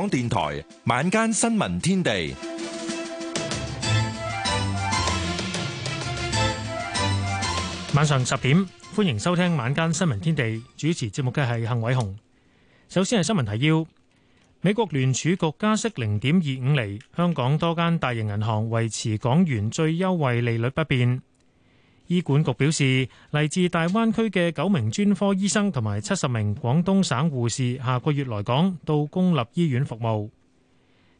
港電台晚間新聞天地，晚上十點，歡迎收聽晚間新聞天地。主持節目嘅係幸偉雄。首先係新聞提要：美國聯儲局加息零點二五厘，香港多間大型銀行維持港元最優惠利率不變。醫管局表示，嚟自大灣區嘅九名專科醫生同埋七十名廣東省護士下個月來港到公立醫院服務。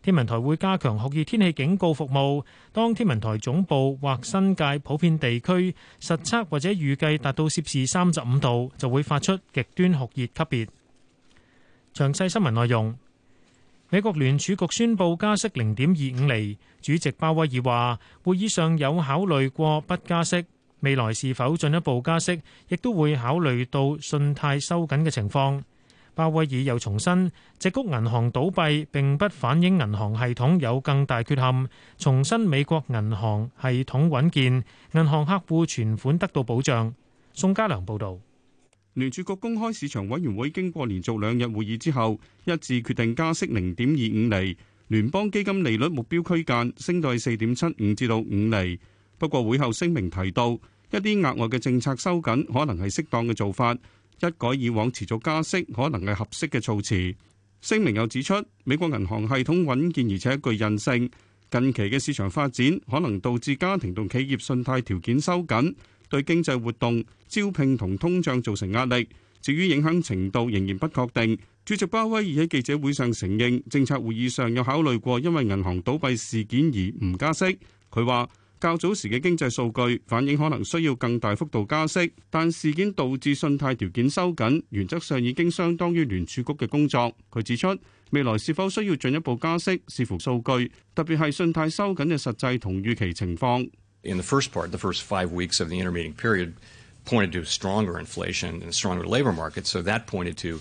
天文台會加強酷熱天氣警告服務，當天文台總部或新界普遍地區實測或者預計達到攝氏三十五度，就會發出極端酷熱級別。詳細新聞內容，美國聯儲局宣佈加息零點二五厘，主席鮑威爾話，會議上有考慮過不加息。未來是否進一步加息，亦都會考慮到信貸收緊嘅情況。鮑威爾又重申，矽谷銀行倒閉並不反映銀行系統有更大缺陷，重申美國銀行系統穩健，銀行客戶存款得到保障。宋家良報導。聯儲局公開市場委員會經過連續兩日會議之後，一致決定加息零點二五厘，聯邦基金利率目標區間升到四點七五至到五厘。不過，會後聲明提到一啲額外嘅政策收緊可能係適當嘅做法，一改以往持續加息可能係合適嘅措辭。聲明又指出，美國銀行系統穩健而且具韌性，近期嘅市場發展可能導致家庭同企業信貸條件收緊，對經濟活動、招聘同通脹造成壓力。至於影響程度仍然不確定。主席鮑威爾喺記者會上承認，政策會議上有考慮過，因為銀行倒閉事件而唔加息。佢話。較早時嘅經濟數據反映可能需要更大幅度加息，但事件導致信貸條件收緊，原則上已經相當於聯儲局嘅工作。佢指出，未來是否需要進一步加息，視乎數據，特別係信貸收緊嘅實際同預期情況。In the first part, the first five weeks of the intermediate period pointed to stronger inflation and stronger labor market, so that pointed to...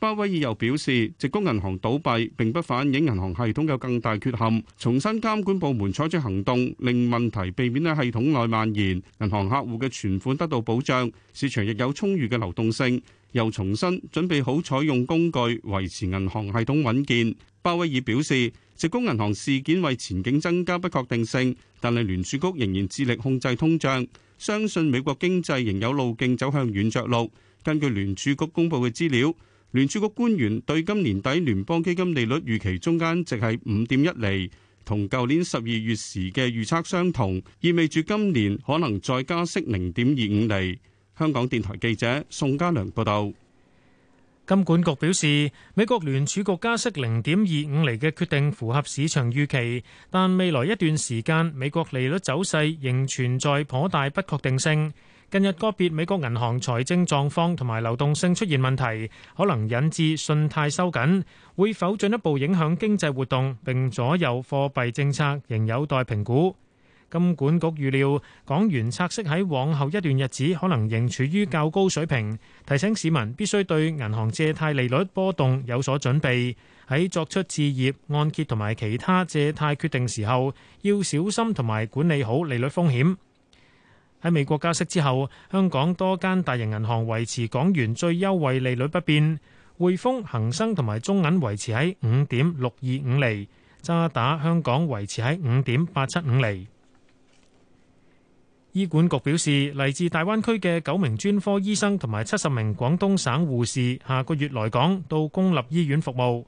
鮑威爾又表示，矽谷銀行倒閉並不反映銀行系統有更大缺陷，重申監管部門採取行動，令問題避免喺系統內蔓延，銀行客戶嘅存款得到保障，市場亦有充裕嘅流動性。又重申準備好採用工具維持銀行系統穩健。鮑威爾表示，矽谷銀行事件為前景增加不確定性，但係聯儲局仍然致力控制通脹，相信美國經濟仍有路徑走向軟著陸。根據聯儲局公佈嘅資料。聯儲局官員對今年底聯邦基金利率預期中間值係五點一厘，同舊年十二月時嘅預測相同，意味住今年可能再加息零點二五厘。香港電台記者宋家良報道。金管局表示，美國聯儲局加息零點二五厘嘅決定符合市場預期，但未來一段時間美國利率走勢仍存在頗大不確定性。近日個別美國銀行財政狀況同埋流動性出現問題，可能引致信貸收緊，會否進一步影響經濟活動並左右貨幣政策，仍有待評估。金管局預料港元拆息喺往後一段日子可能仍處於較高水平，提醒市民必須對銀行借貸利率波動有所準備，喺作出置業按揭同埋其他借貸決定時候，要小心同埋管理好利率風險。喺美國加息之後，香港多間大型銀行維持港元最優惠利率不變。匯豐、恒生同埋中銀維持喺五點六二五厘，渣打香港維持喺五點八七五厘。醫管局表示，嚟自大灣區嘅九名專科醫生同埋七十名廣東省護士下個月來港到公立醫院服務。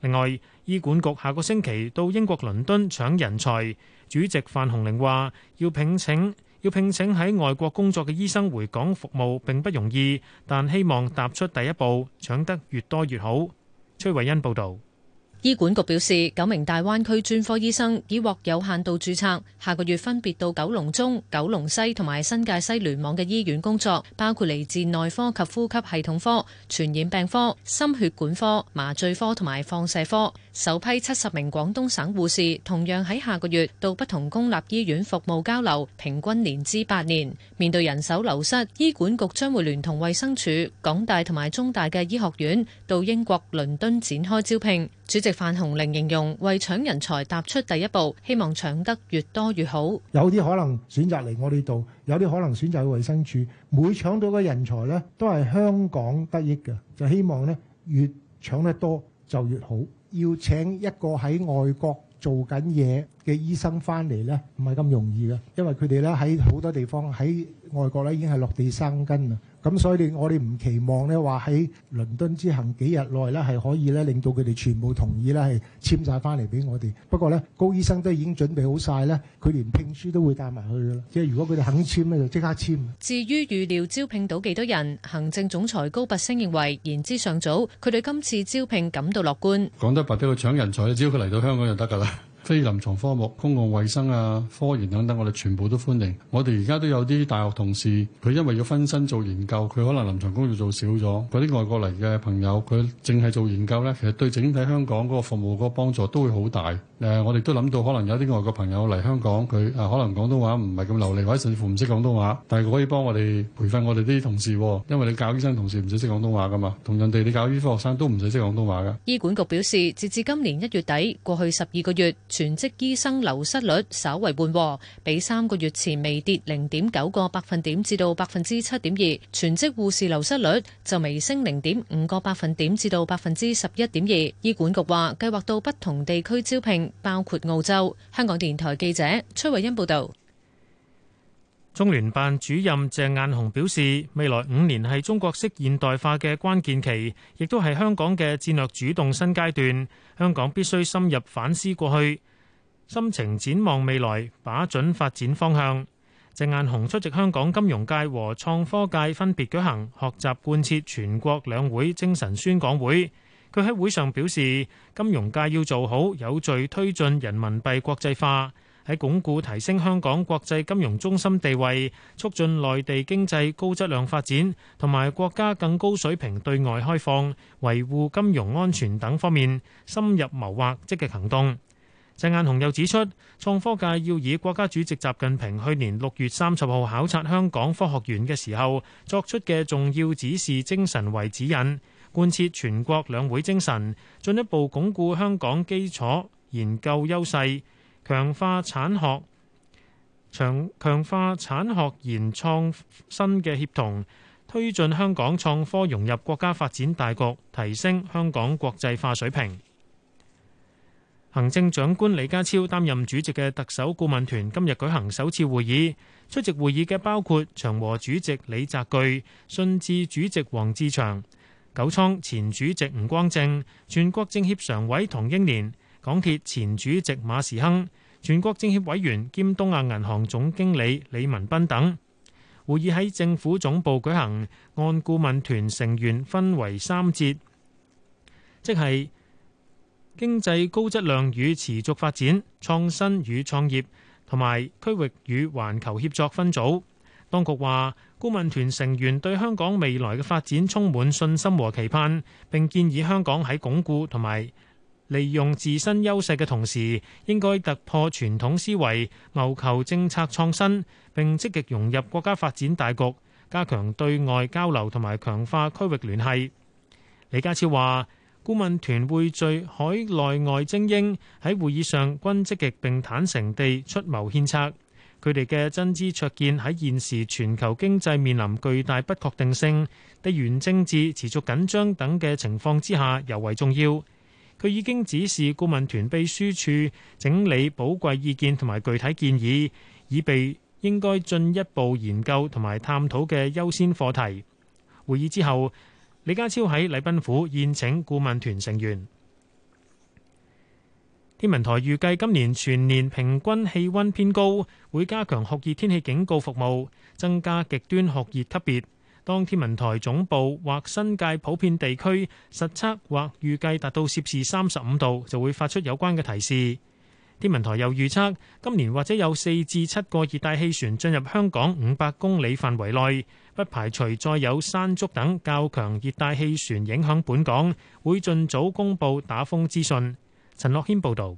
另外，醫管局下個星期到英國倫敦搶人才。主席范鴻齡話：要聘請要聘請喺外國工作嘅醫生回港服務並不容易，但希望踏出第一步，搶得越多越好。崔慧恩報導。醫管局表示，九名大灣區專科醫生已獲有限度註冊，下個月分別到九龍中、九龍西同埋新界西聯網嘅醫院工作，包括嚟自內科及呼吸系統科、傳染病科、心血管科、麻醉科同埋放射科。首批七十名廣東省護士同樣喺下個月到不同公立醫院服務交流，平均年資八年。面對人手流失，醫管局將會聯同衛生署、港大同埋中大嘅醫學院到英國倫敦展開招聘。主席范洪玲形容為搶人才踏出第一步，希望搶得越多越好。有啲可能選擇嚟我哋度，有啲可能選擇去衞生署。每搶到嘅人才咧，都係香港得益嘅，就希望咧越搶得多就越好。要請一個喺外國做緊嘢嘅醫生翻嚟咧，唔係咁容易嘅，因為佢哋咧喺好多地方喺外國咧已經係落地生根啦。咁所以我哋唔期望咧話喺倫敦之行幾日內咧係可以咧令到佢哋全部同意咧係簽曬翻嚟俾我哋。不過咧，高醫生都已經準備好曬咧，佢連聘書都會帶埋去嘅啦。即係如果佢哋肯簽咧，就即刻簽。至於預料招聘到幾多人，行政總裁高拔升認為言之尚早，佢對今次招聘感到樂觀。講得白啲，搶人才，只要佢嚟到香港就得㗎啦。非臨床科目、公共衛生啊、科研等等，我哋全部都歡迎。我哋而家都有啲大學同事，佢因為要分身做研究，佢可能臨床工作做少咗。佢啲外國嚟嘅朋友，佢淨係做研究呢，其實對整體香港嗰個服務嗰個幫助都會好大。誒，我哋都諗到可能有啲外國朋友嚟香港，佢啊可能廣東話唔係咁流利，或者甚至乎唔識廣東話，但係佢可以幫我哋培訓我哋啲同事，因為你教醫生同事唔使識廣東話㗎嘛，同人哋你教醫科學生都唔使識廣東話㗎。醫管局表示，截至今年一月底，過去十二個月，全職醫生流失率稍為緩和，比三個月前微跌零點九個百分點至到百分之七點二。全職護士流失率就微升零點五個百分點至到百分之十一點二。醫管局話，計劃到不同地區招聘，包括澳洲。香港電台記者崔慧欣報道。中聯辦主任鄭雁雄表示，未來五年係中國式現代化嘅關鍵期，亦都係香港嘅戰略主動新階段。香港必須深入反思過去，心情展望未來，把準發展方向。鄭雁雄出席香港金融界和創科界分別舉行學習貫徹全國兩會精神宣講會。佢喺會上表示，金融界要做好有序推進人民幣國際化。喺鞏固提升香港國際金融中心地位、促進內地經濟高質量發展同埋國家更高水平對外開放、維護金融安全等方面，深入謀劃積極行動。鄭雁雄又指出，創科界要以國家主席習近平去年六月三十號考察香港科學院嘅時候作出嘅重要指示精神為指引，貫徹全國兩會精神，進一步鞏固香港基礎研究優勢。強化產學強強化產學研創新嘅協同，推進香港創科融入國家發展大局，提升香港國際化水平。行政長官李家超擔任主席嘅特首顧問團今日舉行首次會議，出席會議嘅包括長和主席李澤鉅、信智主席黃志祥、九倉前主席吳光正、全國政協常委唐英年、港鐵前主席馬時亨、全國政協委員兼東亞銀行總經理李文斌等，會議喺政府總部舉行，按顧問團成員分為三節，即係經濟高質量與持續發展、創新與創業，同埋區域與環球協作分組。當局話，顧問團成員對香港未來嘅發展充滿信心和期盼，並建議香港喺鞏固同埋利用自身優勢嘅同時，應該突破傳統思維，謀求政策創新，並積極融入國家發展大局，加強對外交流同埋強化區域聯繫。李家超話顧問團匯聚海內外精英，喺會議上均積極並坦誠地出謀獻策，佢哋嘅真知灼見喺現時全球經濟面臨巨大不確定性、地緣政治持續緊張等嘅情況之下尤為重要。佢已經指示顧問團秘書處整理寶貴意見同埋具體建議，以備應該進一步研究同埋探討嘅優先課題。會議之後，李家超喺禮賓府宴請顧問團成員。天文台預計今年全年平均氣温偏高，會加強酷熱天氣警告服務，增加極端酷熱級別。當天文台總部或新界普遍地區實測或預計達到攝氏三十五度，就會發出有關嘅提示。天文台又預測今年或者有四至七個熱帶氣旋進入香港五百公里範圍內，不排除再有山竹等較強熱帶氣旋影響本港，會盡早公布打風資訊，陳樂謙報道。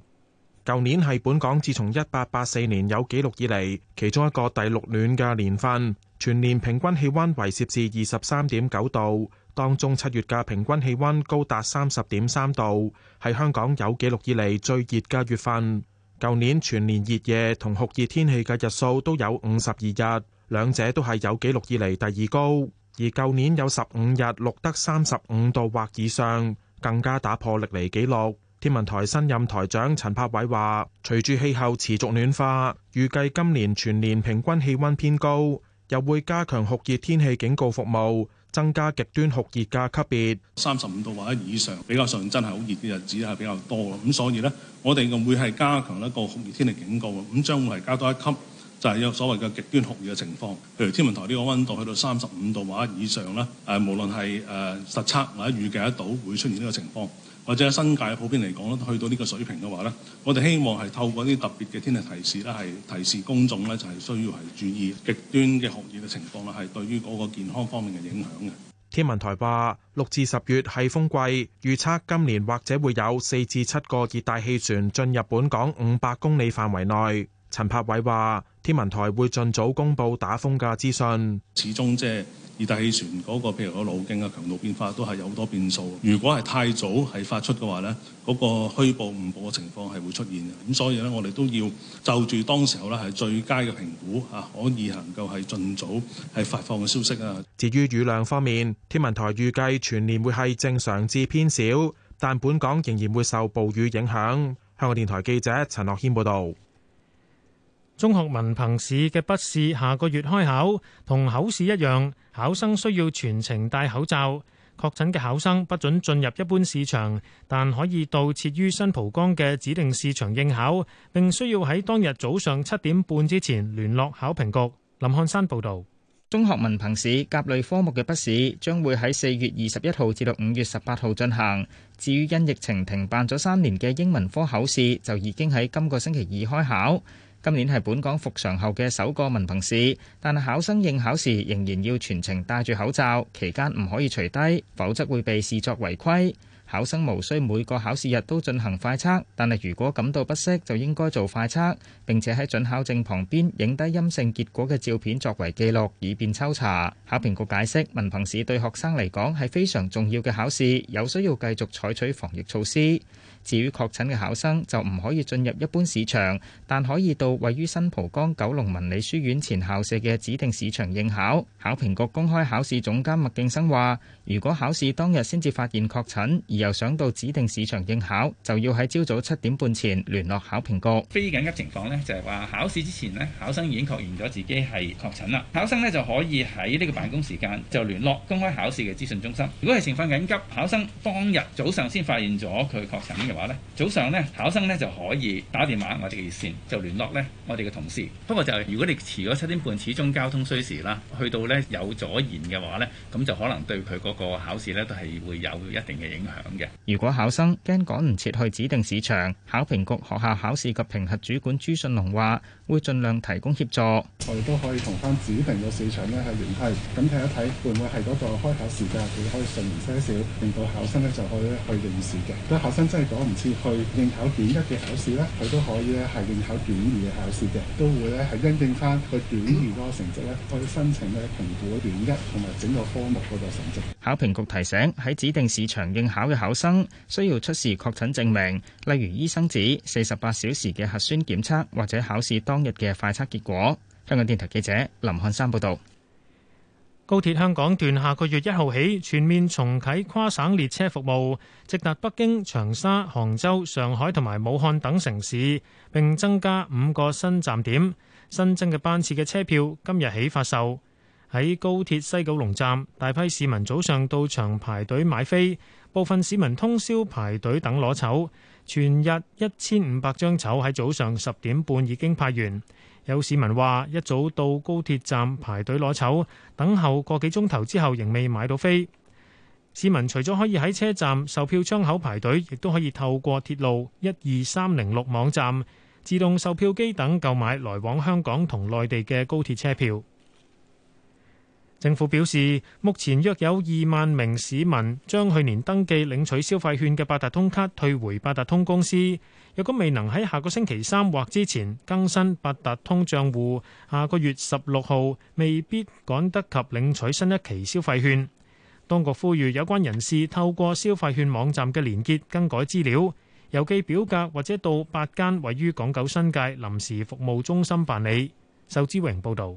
舊年係本港自從一八八四年有紀錄以嚟，其中一個第六暖嘅年份，全年平均氣溫為攝氏二十三點九度，當中七月嘅平均氣溫高達三十點三度，係香港有紀錄以嚟最熱嘅月份。舊年全年熱夜同酷熱天氣嘅日數都有五十二日，兩者都係有紀錄以嚟第二高，而舊年有十五日錄得三十五度或以上，更加打破歷嚟紀錄。天文台新任台長陳柏偉話，隨住氣候持續暖化，預計今年全年平均氣温偏高，又會加強酷熱天氣警告服務，增加極端酷熱嘅級別。三十五度或者以上比較上真係好熱啲日子係比較多，咁所以咧，我哋會係加強一個酷熱天氣警告，咁將會係加多一級，就係有所謂嘅極端酷熱嘅情況，譬如天文台呢個溫度去到三十五度或者以上啦，誒，無論係誒實測或者預計得到會出現呢個情況。或者新界普遍嚟講，咧，去到呢個水平嘅話，咧，我哋希望係透過啲特別嘅天氣提示咧，係提示公眾咧，就係需要係注意極端嘅酷熱嘅情況啦，係對於嗰個健康方面嘅影響嘅。天文台話六至十月係風季，預測今年或者會有四至七個熱帶氣旋進入本港五百公里範圍內。陳柏偉話：天文台會盡早公布打風嘅資訊。始終即係熱帶氣旋嗰個，譬如嗰路徑啊、強度變化都係有好多變數。如果係太早係發出嘅話呢嗰、嗰個虛報誤報嘅情況係會出現嘅。咁所以呢，我哋都要就住當時候咧係最佳嘅評估啊，可以能夠係盡早係發放嘅消息啊。至於雨量方面，天文台預計全年會係正常至偏少，但本港仍然會受暴雨影響。香港電台記者陳樂謙報道。中學文憑試嘅筆試下個月開考，同口試一樣，考生需要全程戴口罩。確診嘅考生不准進入一般試場，但可以到設於新蒲崗嘅指定試場應考，並需要喺當日早上七點半之前聯絡考評局。林漢山報道。中學文憑試甲類科目嘅筆試將會喺四月二十一號至到五月十八號進行。至於因疫情停辦咗三年嘅英文科口試，就已經喺今個星期二開考。今年係本港復常後嘅首個文憑試，但考生應考時仍然要全程戴住口罩，期間唔可以除低，否則會被視作違規。考生無需每個考試日都進行快測，但係如果感到不適，就應該做快測，並且喺准考證旁邊影低陰性結果嘅照片作為記錄，以便抽查。考評局解釋，文憑試對學生嚟講係非常重要嘅考試，有需要繼續採取防疫措施。至於確診嘅考生，就唔可以進入一般市場，但可以到位於新蒲崗九龍文理書院前校舍嘅指定市場應考。考評局公開考試總監麥敬生話，如果考試當日先至發現確診，而由想到指定市場應考，就要喺朝早七點半前聯絡考評局。非緊急情況呢，就係話考試之前呢，考生已經確認咗自己係確診啦。考生呢，就可以喺呢個辦公時間就聯絡公開考試嘅資訊中心。如果係情況緊急，考生當日早上先發現咗佢確診嘅話呢，早上呢，考生呢就可以打電話我哋嘅熱線就聯絡呢我哋嘅同事。不過就係如果你遲咗七點半，始終交通需時啦，去到呢有阻延嘅話呢，咁就可能對佢嗰個考試呢，都係會有一定嘅影響。如果考生驚趕唔切去指定市場，考評局學校考試及評核主管朱信龍話。會盡量提供協助，我哋都可以同翻指定嘅市場呢係聯繫，咁睇一睇會唔會係嗰個開考時間佢可以順延些少，令到考生呢就可以去應試嘅。個考生真係趕唔切去應考短一嘅考試呢，佢都可以呢係應考短二嘅考試嘅，都會呢係因應翻佢短二嗰個成績呢，可以申請呢評估短一同埋整個科目嗰個成績。考評局提醒喺指定市場應考嘅考生，需要出示確診證明，例如醫生紙、四十八小時嘅核酸檢測或者考試當今日嘅快測結果。香港電台記者林漢山報道：高鐵香港段下個月一號起全面重啟跨省列車服務，直達北京、長沙、杭州、上海同埋武漢等城市，並增加五個新站點。新增嘅班次嘅車票今日起發售。喺高鐵西九龍站，大批市民早上到場排隊買飛，部分市民通宵排隊等攞籌。全日一千五百張籌喺早上十點半已經派完，有市民話一早到高鐵站排隊攞籌，等候個幾鐘頭之後仍未買到飛。市民除咗可以喺車站售票窗口排隊，亦都可以透過鐵路一二三零六網站、自動售票機等購買來往香港同內地嘅高鐵車票。政府表示，目前約有二萬名市民將去年登記領取消費券嘅八達通卡退回八達通公司。如果未能喺下個星期三或之前更新八達通帳戶，下個月十六號未必趕得及領取新一期消費券。當局呼籲有關人士透過消費券網站嘅連結更改資料，郵寄表格或者到八間位於港九新界臨時服務中心辦理。仇志榮報導。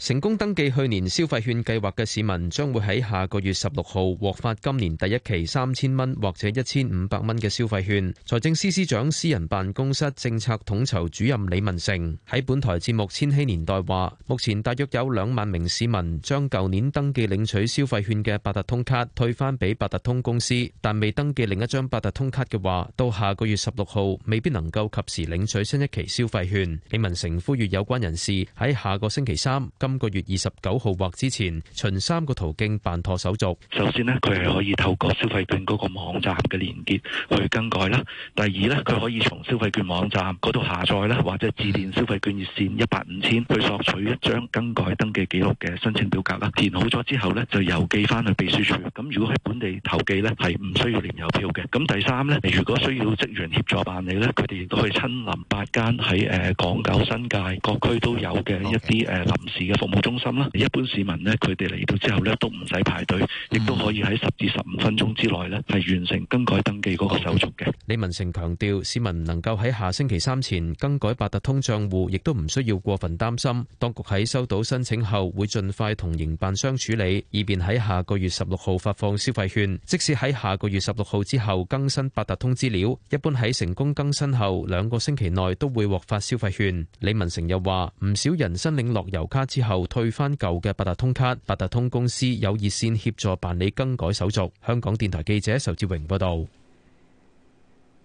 成功登記去年消費券計劃嘅市民，將會喺下個月十六號獲發今年第一期三千蚊或者一千五百蚊嘅消費券。財政司司長私人辦公室政策統籌主任李文成喺本台節目《千禧年代》話：目前大約有兩萬名市民將舊年登記領取消費券嘅八達通卡退返畀八達通公司，但未登記另一張八達通卡嘅話，到下個月十六號未必能夠及時領取新一期消費券。李文成呼籲有關人士喺下個星期三三個月二十九號或之前，循三個途徑辦妥手續。首先呢，佢係可以透過消費券嗰個網站嘅連結，去更改啦。第二呢，佢可以從消費券網站嗰度下載啦，或者致電消費券熱線一八五千去索取一張更改登記記錄嘅申請表格啦。填好咗之後呢，就郵寄翻去秘書處。咁如果喺本地投寄呢，係唔需要連郵票嘅。咁第三呢，如果需要職員協助辦理呢，佢哋亦都可以親臨八間喺誒港九新界各區都有嘅一啲誒臨時嘅。服務中心啦，一般市民呢，佢哋嚟到之後呢，都唔使排隊，亦都可以喺十至十五分鐘之內呢，係完成更改登記嗰個手續嘅。李文成強調，市民能夠喺下星期三前更改八達通帳戶，亦都唔需要過分擔心。當局喺收到申請後，會盡快同營辦商處理，以便喺下個月十六號發放消費券。即使喺下個月十六號之後更新八達通資料，一般喺成功更新後兩個星期內都會獲發消費券。李文成又話，唔少人申領樂悠卡之之後退翻舊嘅八達通卡，八達通公司有熱線協助辦理更改手續。香港電台記者仇志榮報道。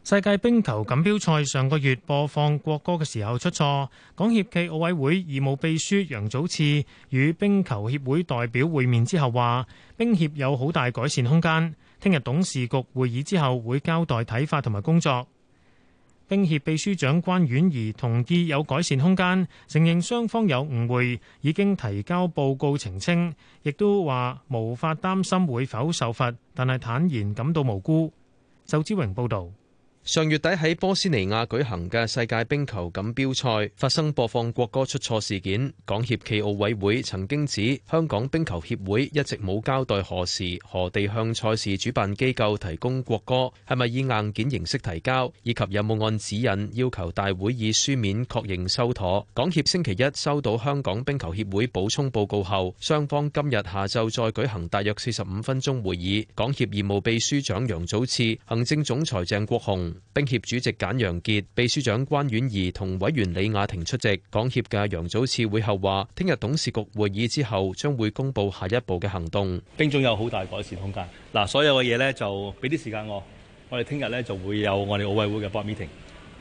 世界冰球錦標賽上個月播放國歌嘅時候出錯，港協暨奧委會義務秘書楊祖次與冰球協會代表會面之後話，冰協有好大改善空間。聽日董事局會議之後會交代睇法同埋工作。兵協秘書長關婉怡同意有改善空間，承認雙方有誤會，已經提交報告澄清，亦都話無法擔心會否受罰，但係坦言感到無辜。周之榮報導。上月底喺波斯尼亞舉行嘅世界冰球錦標賽發生播放國歌出錯事件。港協暨奧委會曾經指，香港冰球協會一直冇交代何時何地向賽事主辦機構提供國歌，係咪以硬件形式提交，以及有冇按指引要求大會以書面確認收妥。港協星期一收到香港冰球協會補充報告後，雙方今日下晝再舉行大約四十五分鐘會議，港協義務秘書長楊祖賜、行政總裁鄭國雄。乒協主席簡陽杰，杰、秘書長關婉儀同委員李雅婷，出席。港協嘅楊祖次會後話：聽日董事局會議之後，將會公布下一步嘅行動。乒總有好大改善空間。嗱，所有嘅嘢呢就俾啲時間我。我哋聽日呢就會有我哋奧委會嘅 board meeting。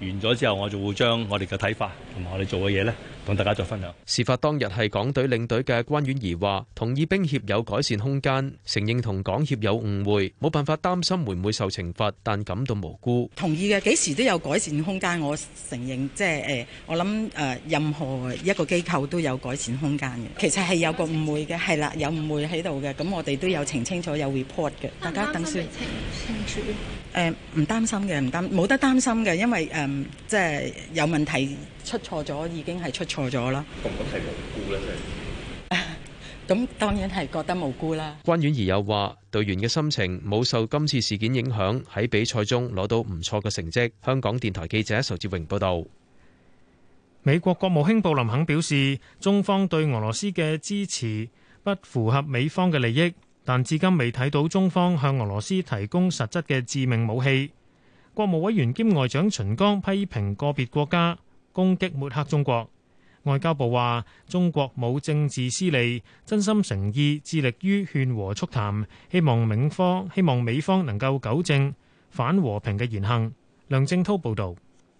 完咗之後，我就會將我哋嘅睇法同埋我哋做嘅嘢呢。同大家再分享。事發當日係港隊領隊嘅關婉儀話，同意冰協有改善空間，承認同港協有誤會，冇辦法，擔心會唔會受懲罰，但感到無辜。同意嘅，幾時都有改善空間，我承認即係誒我諗誒、呃、任何一個機構都有改善空間嘅。其實係有個誤會嘅，係啦，有誤會喺度嘅。咁我哋都有澄清，咗有 report 嘅。大家等先。清清楚。誒唔擔心嘅，唔擔冇得擔心嘅，因為誒即係有問題出錯咗，已經係出。錯咗啦，咁咁係無辜咧，咁當然係覺得無辜啦。關婉儀又話：隊員嘅心情冇受今次事件影響，喺比賽中攞到唔錯嘅成績。香港電台記者仇志榮報導。美國國務卿布林肯表示，中方對俄羅斯嘅支持不符合美方嘅利益，但至今未睇到中方向俄羅斯提供實質嘅致命武器。國務委員兼外長秦剛批評個別國家攻擊抹黑中國。外交部話：中國冇政治私利，真心誠意致力於勸和促談，希望銘方，希望美方能夠糾正反和平嘅言行。梁正濤報導。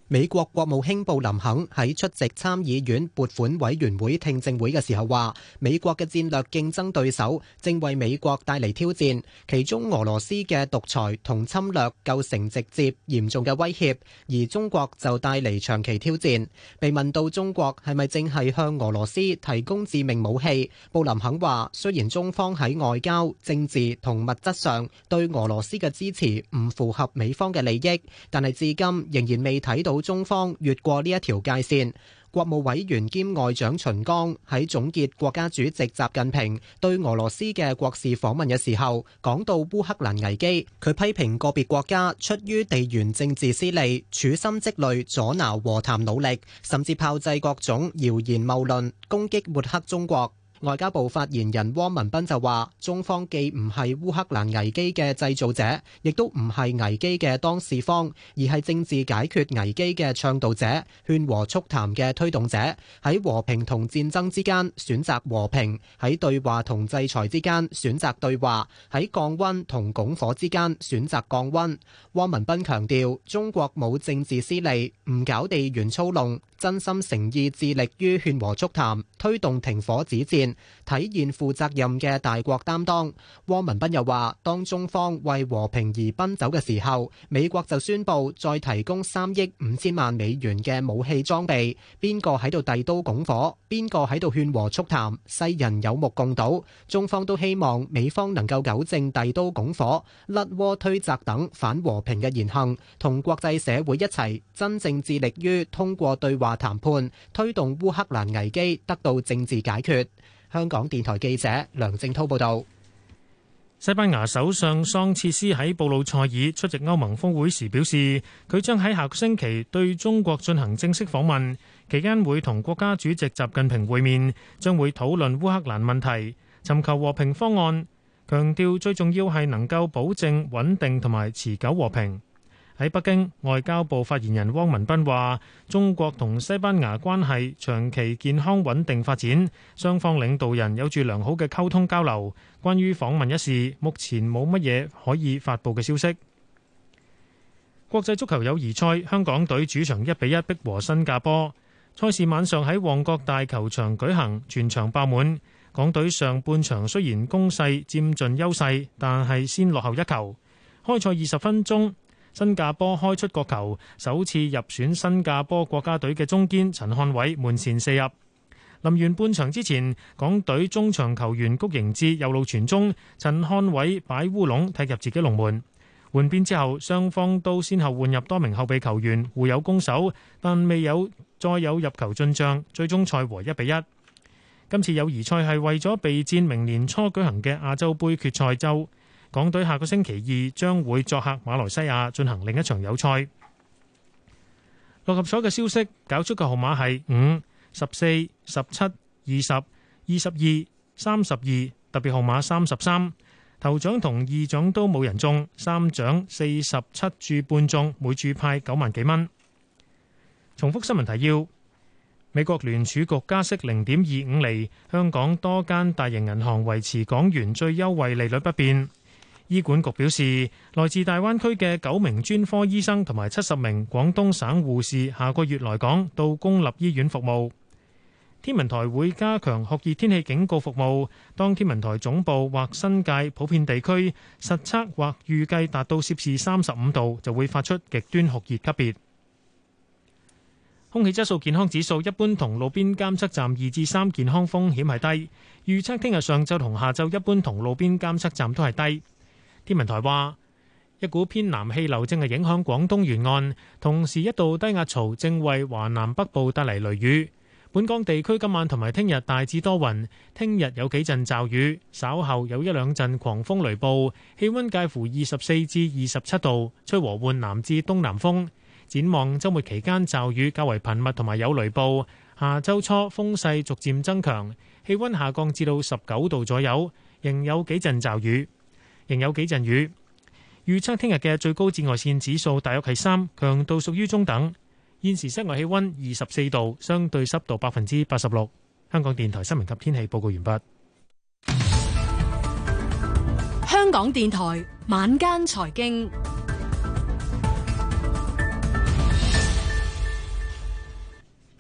美國國務卿布林肯喺出席參議院撥款委員會聽證會嘅時候話，美國嘅戰略競爭對手正為美國帶嚟挑戰，其中俄羅斯嘅獨裁同侵略構成直接嚴重嘅威脅，而中國就帶嚟長期挑戰，被問到中國係咪正係向俄羅斯提供致命武器，布林肯話，雖然中方喺外交、政治同物質上對俄羅斯嘅支持唔符合美方嘅利益，但係至今仍然未睇到中方越過呢一條界線。國務委員兼外長秦剛喺總結國家主席習近平對俄羅斯嘅國事訪問嘅時候，講到烏克蘭危機，佢批評個別國家出於地緣政治私利，處心積慮阻撓和談努力，甚至炮製各種謠言謬論，攻擊抹黑中國。外交部發言人汪文斌就話：中方既唔係烏克蘭危機嘅製造者，亦都唔係危機嘅當事方，而係政治解決危機嘅倡導者、勸和促談嘅推動者。喺和平同戰爭之間選擇和平，喺對話同制裁之間選擇對話，喺降温同拱火之間選擇降温。汪文斌強調：中國冇政治私利，唔搞地緣操弄。真心誠意致力於勸和促談，推動停火止戰，體現負責任嘅大國擔當。汪文斌又話：當中方為和平而奔走嘅時候，美國就宣布再提供三億五千萬美元嘅武器裝備。邊個喺度遞刀拱火？邊個喺度勸和促談？世人有目共睹。中方都希望美方能夠糾正遞刀拱火、甩鍋推責等反和平嘅言行，同國際社會一齊真正致力於通過對話、談判推動烏克蘭危機得到政治解決。香港電台記者梁正濤報道，西班牙首相桑切斯喺布魯塞爾出席歐盟峰會時表示，佢將喺下個星期對中國進行正式訪問，期間會同國家主席習近平會面，將會討論烏克蘭問題，尋求和平方案，強調最重要係能夠保證穩定同埋持久和平。喺北京，外交部發言人汪文斌話中國同西班牙關係長期健康穩定發展，雙方領導人有住良好嘅溝通交流。關於訪問一事，目前冇乜嘢可以發佈嘅消息。國際足球友誼賽，香港隊主場一比一逼和新加坡。賽事晚上喺旺角大球場舉行，全場爆滿，港隊上半場雖然攻勢佔盡優勢，但係先落後一球。開賽二十分鐘。新加坡開出國球，首次入選新加坡國家隊嘅中堅陳漢偉門前射入。臨完半場之前，港隊中場球員谷盈志右路傳中，陳漢偉擺烏龍踢入自己龍門。換邊之後，雙方都先後換入多名後備球員互有攻守，但未有再有入球進賬，最終賽和一比一。今次友誼賽係為咗備戰明年初舉行嘅亞洲杯決賽周。港隊下個星期二將會作客馬來西亞進行另一場友賽。六合彩嘅消息，搞出嘅號碼係五、十四、十七、二十、二十二、三十二，特別號碼三十三。頭獎同二獎都冇人中，三獎四十七注半中，每注派九萬幾蚊。重複新聞提要：美國聯儲局加息零點二五厘，香港多間大型銀行維持港元最優惠利率不變。醫管局表示，來自大灣區嘅九名專科醫生同埋七十名廣東省護士下個月來港到公立醫院服務。天文台會加強酷熱天氣警告服務，當天文台總部或新界普遍地區實測或預計達到攝氏三十五度，就會發出極端酷熱級別。空氣質素健康指數一般同路邊監測站二至三，健康風險係低。預測聽日上晝同下晝一般同路邊監測站都係低。天文台話，一股偏南氣流正係影響廣東沿岸，同時一道低壓槽正為華南北部帶嚟雷雨。本港地區今晚同埋聽日大致多雲，聽日有幾陣驟雨，稍後有一兩陣狂風雷暴。氣溫介乎二十四至二十七度，吹和緩南至東南風。展望周末期間驟雨較為頻密，同埋有雷暴。下周初風勢逐漸增強，氣溫下降至到十九度左右，仍有幾陣驟雨。仍有幾陣雨，預測聽日嘅最高紫外線指數大約係三，強度屬於中等。現時室外氣溫二十四度，相對濕度百分之八十六。香港電台新聞及天氣報告完畢。香港電台晚間財經，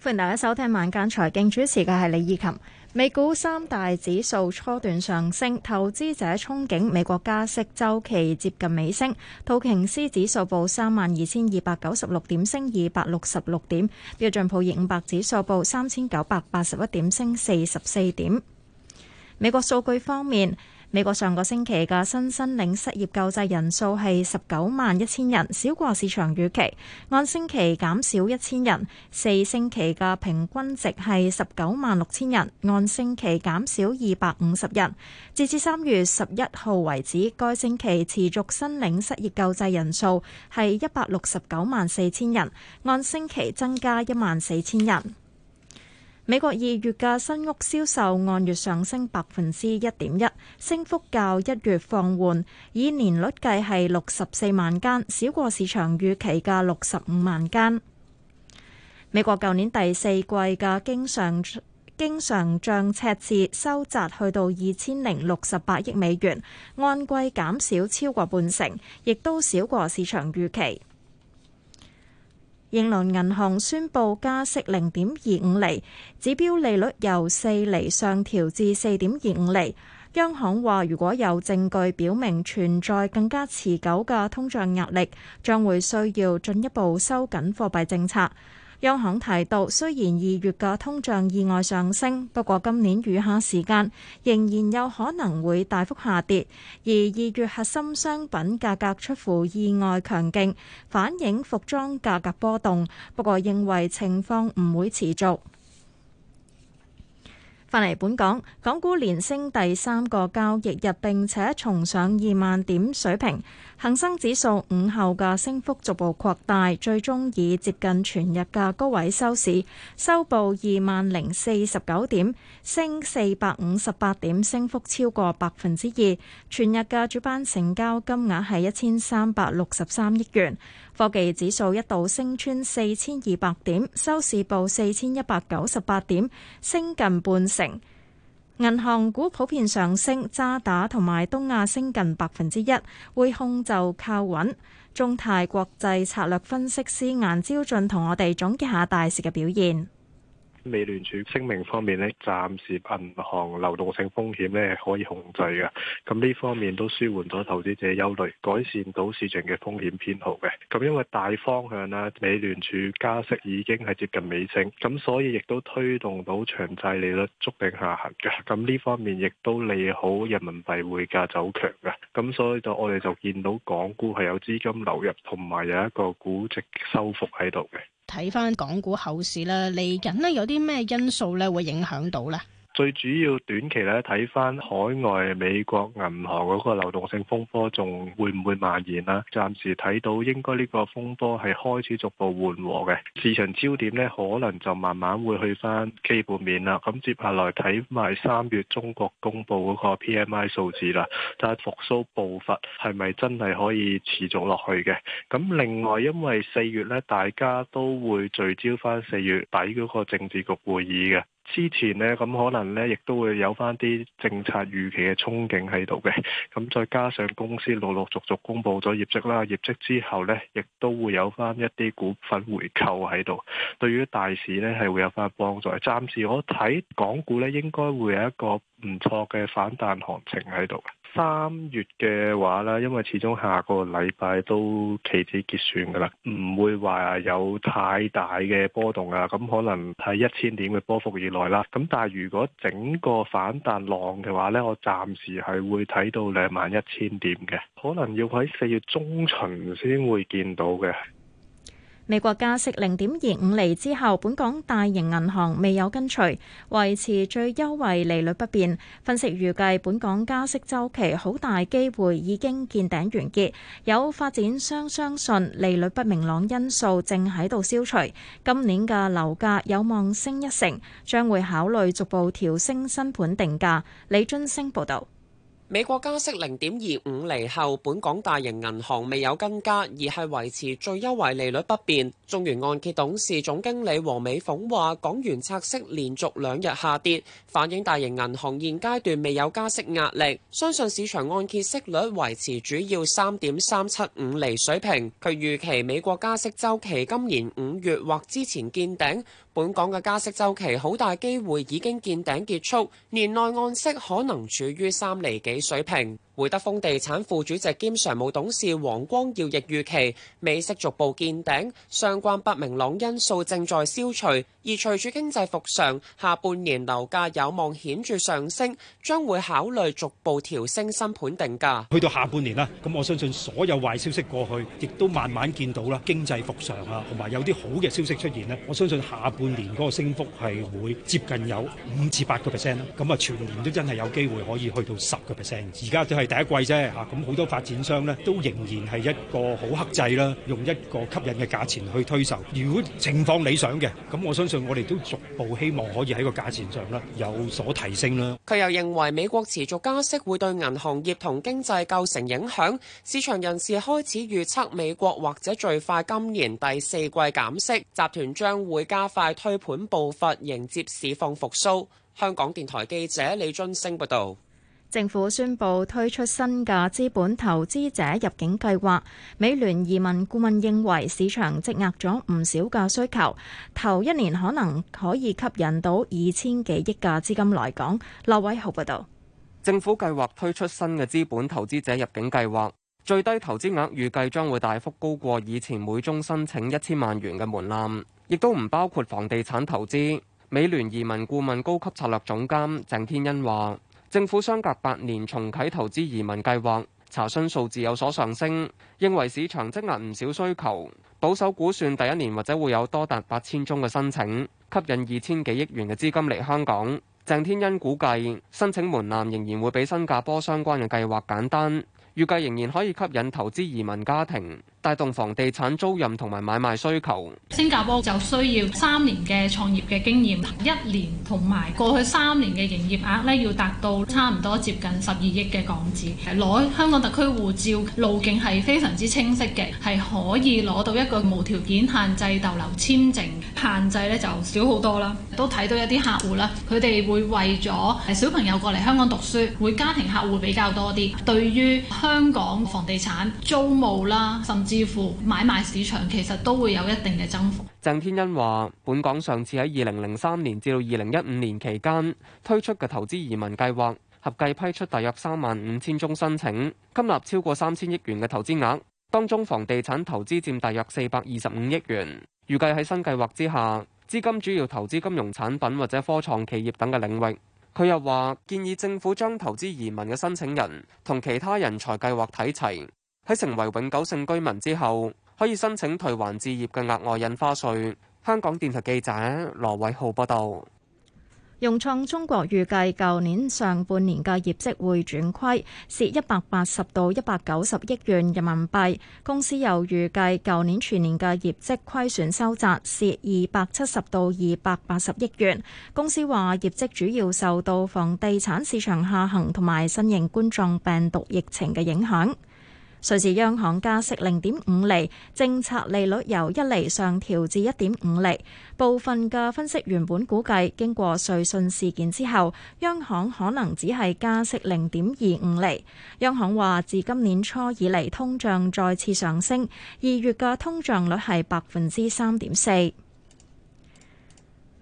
歡迎大家收聽晚間財經，主持嘅係李綺琴。美股三大指數初段上升，投資者憧憬美國加息周期接近尾聲。道瓊斯指數報三萬二千二百九十六點，升二百六十六點；標準普爾五百指數報三千九百八十一點，升四十四點。美國數據方面。美國上個星期嘅新申領失業救濟人數係十九萬一千人，少過市場預期，按星期減少一千人。四星期嘅平均值係十九萬六千人，按星期減少二百五十人。截至三月十一號為止，該星期持續申領失業救濟人數係一百六十九萬四千人，按星期增加一萬四千人。美國二月嘅新屋銷售按月上升百分之一點一，升幅較一月放緩，以年率計係六十四萬間，少過市場預期嘅六十五萬間。美國舊年第四季嘅經常經常賬赤字收窄去到二千零六十八億美元，按季減少超過半成，亦都少過市場預期。英倫銀行宣布加息零點二五厘，指標利率由四厘上調至四點二五厘。央行話，如果有證據表明存在更加持久嘅通脹壓力，將會需要進一步收緊貨幣政策。央行提到，雖然二月嘅通脹意外上升，不過今年餘下時間仍然有可能會大幅下跌。而二月核心商品價格出乎意外強勁，反映服裝價格波動，不過認為情況唔會持續。翻嚟本港，港股連升第三個交易日，並且重上二萬點水平。恒生指數午後嘅升幅逐步擴大，最終以接近全日嘅高位收市，收報二萬零四十九點，升四百五十八點，升幅超過百分之二。全日嘅主板成交金額係一千三百六十三億元。科技指數一度升穿四千二百點，收市報四千一百九十八點，升近半成。銀行股普遍上升，渣打同埋東亞升近百分之一，匯控就靠穩。中泰國際策略分析師顏招駿同我哋總結下大市嘅表現。美聯儲聲明方面咧，暫時銀行流動性風險咧可以控制嘅，咁呢方面都舒緩咗投資者憂慮，改善到市場嘅風險偏好嘅。咁因為大方向咧，美聯儲加息已經係接近尾聲，咁所以亦都推動到長債利率逐定下行嘅。咁呢方面亦都利好人民幣匯價走強嘅。咁所以我就我哋就見到港股係有資金流入，同埋有一個估值收復喺度嘅。睇翻港股後市啦，嚟緊咧有啲咩因素咧會影響到咧？最主要短期咧，睇翻海外美國銀行嗰個流動性風波，仲會唔會蔓延啦？暫時睇到應該呢個風波係開始逐步緩和嘅，市場焦點咧可能就慢慢會去翻基本面啦。咁接下來睇埋三月中國公布嗰個 PMI 數字啦，但係復蘇步伐係咪真係可以持續落去嘅？咁另外因為四月咧，大家都會聚焦翻四月底嗰個政治局會議嘅。之前呢，咁可能呢亦都會有翻啲政策預期嘅憧憬喺度嘅。咁再加上公司陸陸續續公布咗業績啦，業績之後呢亦都會有翻一啲股份回購喺度。對於大市呢係會有翻幫助。暫時我睇港股呢應該會有一個唔錯嘅反彈行情喺度。三月嘅話咧，因為始終下個禮拜都期指結算噶啦，唔會話有太大嘅波動啊。咁可能係一千點嘅波幅以內啦。咁但係如果整個反彈浪嘅話咧，我暫時係會睇到兩萬一千點嘅，可能要喺四月中旬先會見到嘅。美國加息零點二五厘之後，本港大型銀行未有跟隨，維持最優惠利率不變。分析預計本港加息週期好大機會已經見頂完結，有發展商相信利率不明朗因素正喺度消除。今年嘅樓價有望升一成，將會考慮逐步調升新盤定價。李津星報導。美國加息零點二五厘後，本港大型銀行未有跟加，而係維持最優惠利率不變。中原按揭董事總經理黃美鳳話，港元拆息連續兩日下跌，反映大型銀行現階段未有加息壓力。相信市場按揭息率維持主要三點三七五厘水平。佢預期美國加息周期今年五月或之前見頂。本港嘅加息週期好大機會已經見頂結束，年內按息可能處於三厘幾水平。會德豐地產副主席兼常務董事黃光耀亦預期，美息逐步見頂，相關不明朗因素正在消除，而隨住經濟復常，下半年樓價有望顯著上升，將會考慮逐步調升新盤定價。去到下半年啦，咁我相信所有壞消息過去，亦都慢慢見到啦，經濟復常啊，同埋有啲好嘅消息出現呢。我相信下半年嗰個升幅係會接近有五至八個 percent。咁啊，全年都真係有機會可以去到十個 percent，而家都係。第一季啫，吓咁好多發展商咧都仍然係一個好克制啦，用一個吸引嘅價錢去推售。如果情況理想嘅，咁我相信我哋都逐步希望可以喺個價錢上啦有所提升啦。佢又認為美國持續加息會對銀行業同經濟構成影響，市場人士開始預測美國或者最快今年第四季減息，集團將會加快推盤步伐，迎接市況復甦。香港電台記者李津升報導。政府宣布推出新嘅資本投資者入境計劃。美聯移民顧問認為市場積壓咗唔少嘅需求，頭一年可能可以吸引到二千幾億嘅資金來港。劉偉豪報道，政府計劃推出新嘅資本投資者入境計劃，最低投資額預計將會大幅高過以前每宗申請一千萬元嘅門檻，亦都唔包括房地產投資。美聯移民顧問高級策略總監鄭天恩話。政府相隔八年重啟投資移民計劃，查詢數字有所上升，認為市場積壓唔少需求。保守估算第一年或者會有多達八千宗嘅申請，吸引二千幾億元嘅資金嚟香港。鄭天恩估計，申請門檻仍然會比新加坡相關嘅計劃簡單，預計仍然可以吸引投資移民家庭。帶動房地產租賃同埋買賣需求。新加坡就需要三年嘅創業嘅經驗，一年同埋過去三年嘅營業額咧要達到差唔多接近十二億嘅港紙。攞香港特區護照路徑係非常之清晰嘅，係可以攞到一個無條件限制逗留簽證，限制咧就少好多啦。都睇到一啲客戶啦，佢哋會為咗小朋友過嚟香港讀書，會家庭客戶比較多啲。對於香港房地產租務啦，甚至似乎買賣市場其實都會有一定嘅增幅。鄭天恩話，本港上次喺二零零三年至到二零一五年期間推出嘅投資移民計劃合計批出大約三萬五千宗申請，吸納超過三千億元嘅投資額，當中房地產投資佔大約四百二十五億元。預計喺新計劃之下，資金主要投資金融產品或者科創企業等嘅領域。佢又話建議政府將投資移民嘅申請人同其他人才計劃睇齊。喺成為永久性居民之後，可以申請退還置業嘅額外印花稅。香港電台記者羅偉浩報道。融創中國預計舊年上半年嘅業績會轉虧蝕一百八十到一百九十億元人民幣。公司又預計舊年全年嘅業績虧損收窄蝕二百七十到二百八十億元。公司話業績主要受到房地產市場下行同埋新型冠狀病毒疫情嘅影響。瑞士央行加息零點五厘，政策利率由一厘上調至一點五厘。部分嘅分析原本估計，經過瑞信事件之後，央行可能只係加息零點二五厘。央行話自今年初以嚟，通脹再次上升，二月嘅通脹率係百分之三點四。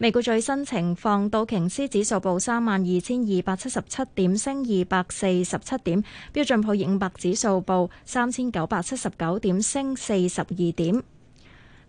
美股最新情況，道瓊斯指數報三萬二千二百七十七點，升二百四十七點；標準普爾五百指數報三千九百七十九點，升四十二點。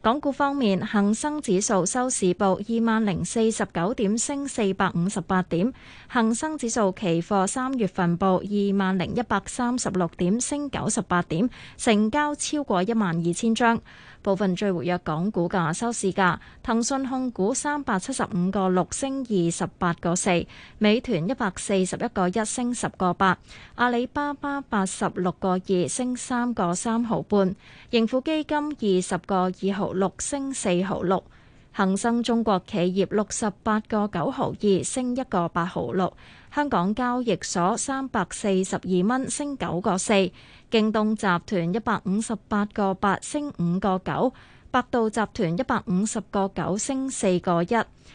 港股方面，恒生指數收市報二萬零四十九點，升四百五十八點；恒生指數期貨三月份報二萬零一百三十六點，升九十八點，成交超過一萬二千張。部分最活躍港股價收市價：騰訊控股三百七十五個六升二十八個四，美團一百四十一個一升十個八，阿里巴巴八十六個二升三個三毫半，盈富基金二十個二毫六升四毫六，恒生中國企業六十八個九毫二升一個八毫六。香港交易所三百四十二蚊升九個四，京東集團一百五十八個八升五個九，百度集團一百五十個九升四個一，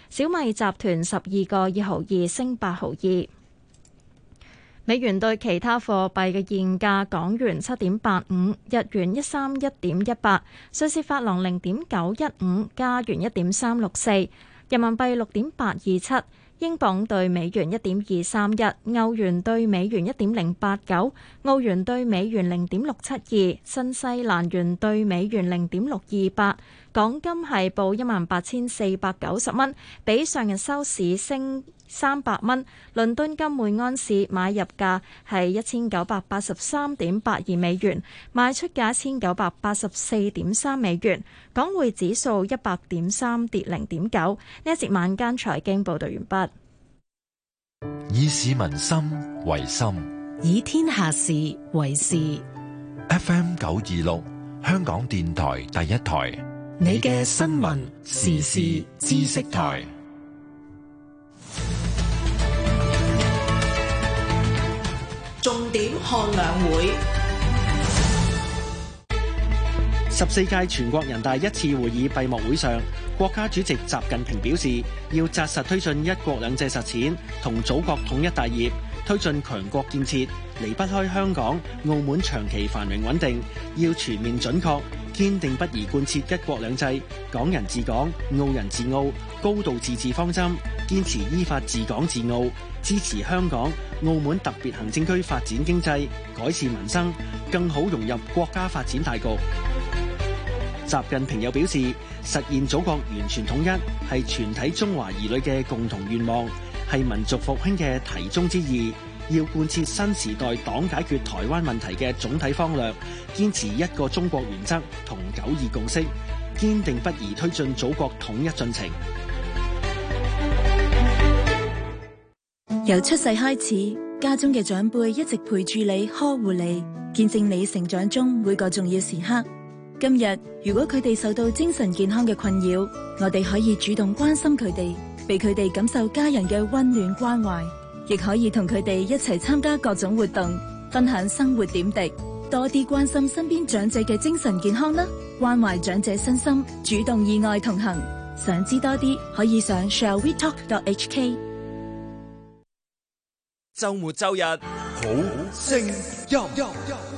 小米集團十二個二毫二升八毫二。美元對其他貨幣嘅現價：港元七點八五，日元一三一點一八，瑞士法郎零點九一五，加元一點三六四，人民幣六點八二七。英鎊兌美元一點二三一，歐元兌美元一點零八九，澳元兌美元零點六七二，新西蘭元兌美元零點六二八，港金係報一萬八千四百九十蚊，比上日收市升。三百蚊，倫敦金每安士買入價係一千九百八十三點八二美元，賣出價一千九百八十四點三美元。港匯指數一百點三跌零點九。呢一節晚間財經報道完畢。以市民心為心，以天下事為事。FM 九二六，香港電台第一台，你嘅新聞時事知識台。重點看兩會。十四屆全國人大一次會議閉幕會上，國家主席習近平表示，要紮實推進一國兩制實踐，同祖國統一大業，推進強國建設，離不開香港、澳門長期繁榮穩定。要全面準確。堅定不移貫徹一國兩制、港人治港、澳人治澳、高度自治方針，堅持依法治港治澳，支持香港、澳門特別行政區發展經濟、改善民生，更好融入國家發展大局。習近平又表示，實現祖國完全統一係全體中華兒女嘅共同願望，係民族復興嘅題中之義。要貫徹新時代黨解決台灣問題嘅總體方略，堅持一個中國原則同九二共識，堅定不移推進祖國統一進程。由出世開始，家中嘅長輩一直陪住你、呵護你，見證你成長中每個重要時刻。今日，如果佢哋受到精神健康嘅困擾，我哋可以主動關心佢哋，俾佢哋感受家人嘅溫暖關懷。亦可以同佢哋一齊參加各種活動，分享生活點滴，多啲關心身邊長者嘅精神健康啦，關懷長者身心，主動意外同行。想知多啲，可以上 shall we talk dot hk。周末周日好聲音。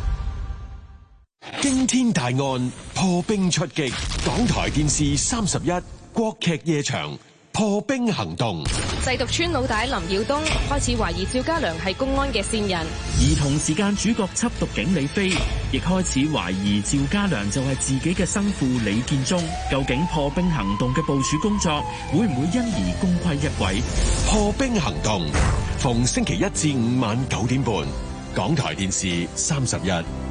驚天大案破冰出擊，港台電視三十一國劇夜場破冰行動。製毒村老大林耀東開始懷疑趙家良係公安嘅線人，而同時間主角緝毒警李飛亦開始懷疑趙家良就係自己嘅生父李建忠。究竟破冰行動嘅部署工作會唔會因而功虧一簣？破冰行動逢星期一至五晚九點半，港台電視三十一。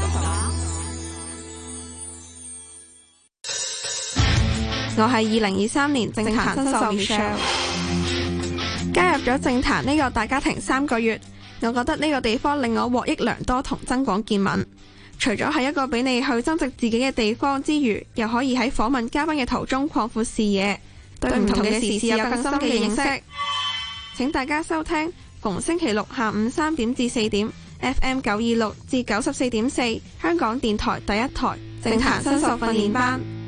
我係二零二三年政壇新秀 Michelle 加入咗政壇呢個大家庭三個月，我覺得呢個地方令我獲益良多同增廣見聞。除咗係一個俾你去增值自己嘅地方之餘，又可以喺訪問嘉賓嘅途中擴闊視野，對唔同嘅時事有更深嘅認識。請大家收聽，逢星期六下午三點至四點 ，FM 九二六至九十四點四，香港電台第一台政壇新秀訓練班。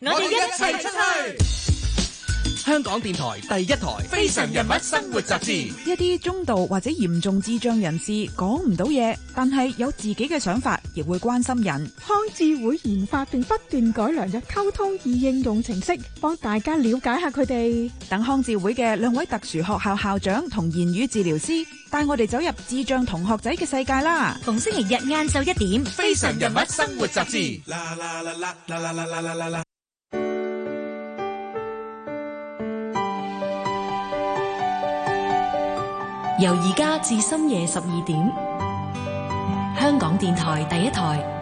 我哋一齊出去。香港電台第一台《非常人物生活雜誌》。一啲中度或者嚴重智障人士講唔到嘢，但係有自己嘅想法，亦會關心人。康智會研發並不斷改良嘅溝通易應用程式，幫大家了解下佢哋。等康智會嘅兩位特殊學校校長同言語治療師帶我哋走入智障同學仔嘅世界啦。逢星期日晏晝一點，《非常人物生活雜誌》啦。啦啦啦啦啦啦由而家至深夜十二點，香港電台第一台。